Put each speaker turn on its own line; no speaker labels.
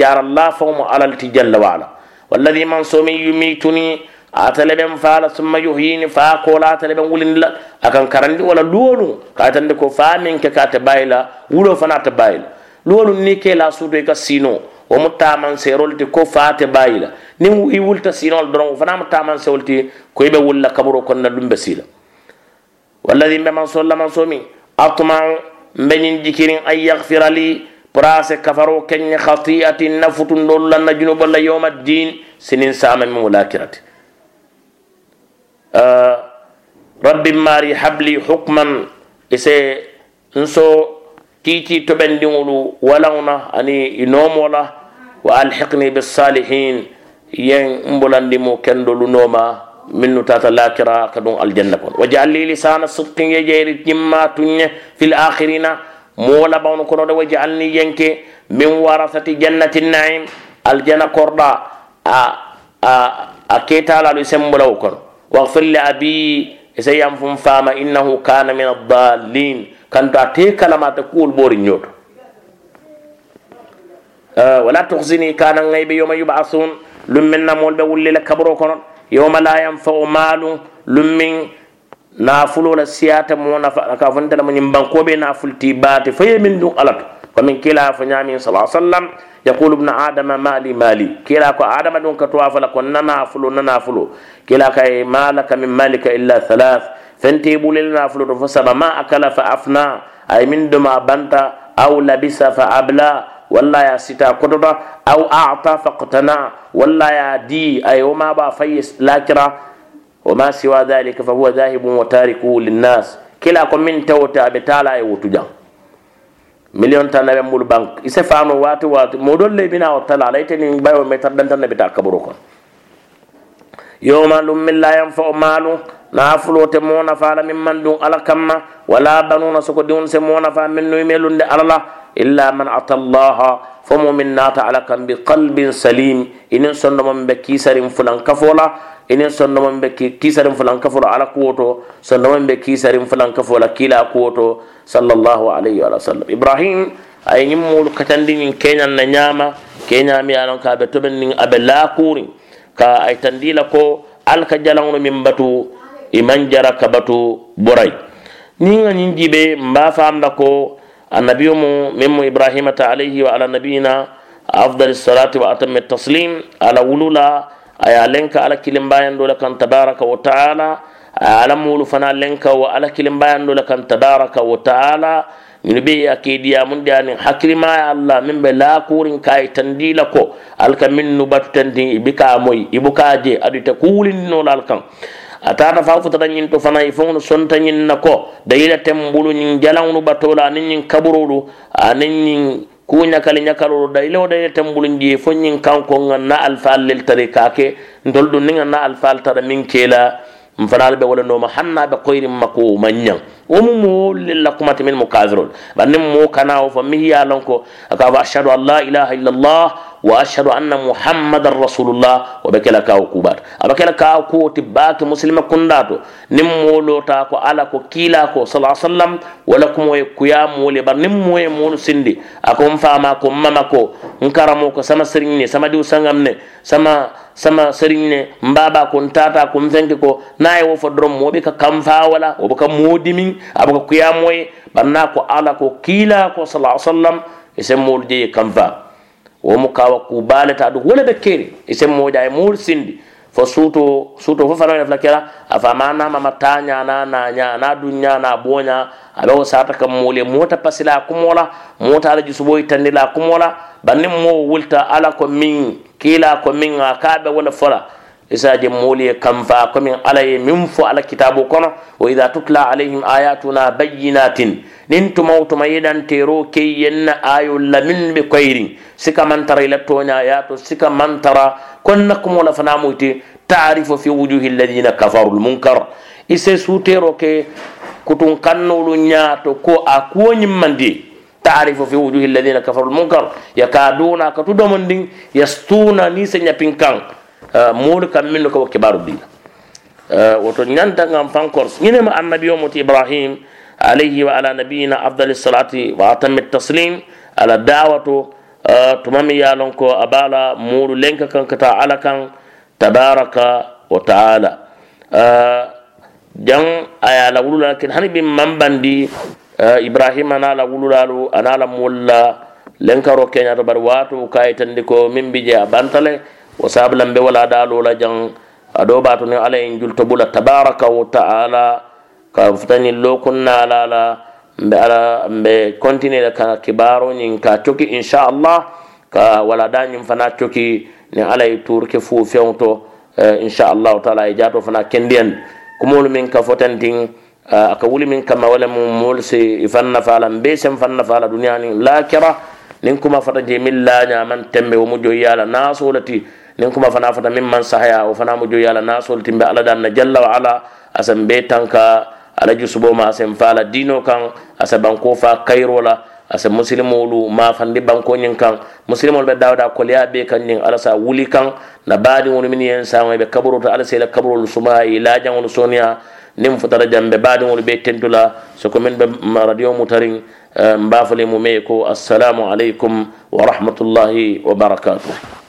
جار الله فهم على التجل وعلا والذي من صوم يميتني أتلبن فعل ثم يحييني فأقول أتلبن ولن لا أكن كرندي ولا لولو كاتن دكو فامن كاتبايلا ولو فنا تبايلا لولو نيكي لا سودو كسينو ومو تامن سيرول تي كو فات بايلا نيم يولتا سينول درون فنا تامن سيرول تي كوي به ولا كبرو كنا لمبسيلا والذي من صلى من صومي أطمع من جكرين أن يغفر لي براسة كفرو كن خطيئة نفط نولا نجنوب الله يوم الدين سنين ساما من ملاكرة آه رب ماري حبلي حكما إسي نسو تيتي تبندنولو ولونا أني ينوم ولا وألحقني بالصالحين ين مبلان دمو كندلو نوما من تاتا لاكرا كدون الجنة وجعل لي لسان الصدق يجيري جماتني في الآخرين moo labaŋolu kono de wo jaalni yenke min warasati jannati naim aljana korda a a a keetalalu i sembulawo kono wagfir li abi ise yam fum faama innahu kana min addalin kanto a te kalamata kuwol ɓoori ñooto wala tuhsini kana gayɓe yoma yubasun lum min namol ɓe wullila kabro kono yoma la yanfau malum lum min nafulo la siyata mo nafa ka fon tala mun banko be nafulti baate faye min dun alatu komin kila fo ñamin sa sallam yaqulu ibnu adama mali mali kila ko adama ɗum ka towa fala ko nanafulo nanafulo kila ka e malaka min malika illa halath fente ɓulel nafulo to fo saba ma akala fa afna ay min doma banta aw labisa fa abla walla ya sita kotota aw ata fa qtana walla ya di ay woma ɓa faye lakira وما سوى ذلك فهو ذاهب وتارك للناس كلا كو من توتا بتالا يوتجا مليون تانا بمول بانك يسفانو وات وات مودول لي بنا وتلا ليتني بايو متر دنتن بتا كبروكو يوم لم من لا ينفع مال نافلو تمونا فعل من دون على كما ولا بنون سكو سكدون سمونا من يميلون الله إلا من أتى الله فمؤمن نات على كم بقلب سليم إن سنم بكيسر فلان كفولا inin sondoman be kisarin fulan kafola ala kuwoto sondoman be kisarin fulan kafola kila kuwoto sallallahu alayhi wa sallam ibrahim ay ñim mulu katandi ñin keñan na nyama. kenya mi alon ka be toɓen nin la kuri ka ay tandila ko al alka no min batu iman jara ka batu boray ni nga ñin jiɓe mba famla ko annabiyo mu min mu ta alayhi wa ala nabina afdalis salati wa atami taslim ala wulula aya lenka ala bayan la kan tabaraka wa taala ala mulu fana lenka wa ala kilimbayando la kan tabaraka wa taala min be ya mun dani hakrima ya allah min be la kurin kai tandila ko alka min tandi ibika moy ibuka je adu ta kulin no alkan atata fa ta ñin to fana ifoŋnu sonta ñin na ko dayila bulu ñin jalawnu batola aniŋ ñin kaburolu ñin kuñakali ñakaloɗo da ilewo ɗaye tembulunji fo ñin kanko ga na alfal lil tare kake ndol ɗum ninga na alfal tara min kela m fanal ɓe walanoma hannaɓe koyrin makko man ñang womu mo lil kumati min mukazrul banim mo kana o fo mi ya lon ko aka ashhadu an la ilaha illallah wa ashhadu anna muhammadan rasulullah wo be kela kawo kuɓato aɓa kela kawo kuwo ti baake musilima kundato nin molota ko ala ko kiila ko sala sallam wala kumoye kuya mole bar nin moye molu sindi ako n fama ko mama ko n karamo ko sama siriŋ sama diw sangam ne sama sama siriŋ ne n baba ko n ko n fenke ko na ye wo fo doron mo be ka kanfa wala wo be ka moo dimin aɓa ka kuya ko ala ko kiila ko sala sallam isen molu je ye kanfa womo kawa kubale ta ɗum wole ɓe keeri isen moƴa e muuri sindi fo suuto suuto fof fanane fula kela afamanamama ta ñana na ñana du ñana boña aɓe o sata kam mooli e mota pasila kumola mota ala jusuɓoy tandila kumola bannin mo wulta ala ko min kila ko min a kaɓe wala fola isaje moolu ye kanfa komin ala ye min fo ala kitabu kono wa ida tutla alayhim ayatuna bayyinatin nin tumaw tuma yedantero key yenna ayol la min be koyrin sika mantara ila toñayato sika mantara konna kumola fana moyte taarifu fi wujuhi alladina kafaru lmunkar ise suutero ke kutun kannolu ñaato ko a kuwo ñimmandi تعرف في وجوه الذين كفروا المنكر يكادون كتدمن يستون نيس نيابين كان moolu kam minnu ko wo kibaru dina woto ñantangan pankors ñinema annabiyo muti ibrahim alayhi wa ala nabiyina afdali salati wa atami taslim ala dawato tuma mi ye lon ko a be la moolu lenka kan ka taa ala kan tabaraka wa taala jan a ye a la wulula kin hani bin man bandi ibrahima na la wululalu ana la moolu la lenkaro keñato bari waato kayitandi ko min bi je a bantale wa sabulan be wala dalo la jang ado bato ni alla ye julto bula tabaraka wa taala ka futani lokunna la la mbe ala mbe kontine da ka kibaro nyin ka insha allah ka wala da ñiŋ fana coki ni alla ye tuur ke insha allah to inchallahu taala ye jato fana kendiyan kumolu min ka fotantiŋ a ka wuli min kama wala mu moolu se ifanna fa la mbe sem fanna fa la duniya la lakira nin kuma fata je la nya man tembe wo mu joyi ye nin kuma fana fata min man sahaya o fana mu joyi ala na soltin be ala danna jalla wa ala asan be tanka alaju suboma asan fala dino kan asa banko fa kayro la asa musilimolu mafandi bankoñin kan musilimolu ɓe dawda koliya be kan ñin ala sa wuli kan na baadiŋolu min yen saŋo ɓe kaburo to ala sela kaburolu suma i lajaŋolu soniya nin futata jambe baadiŋolu ɓe tentula soko min ɓe radio mutariŋ mbafole mu me ko assalamu aleykum wa rahmatullahi wa barakatuh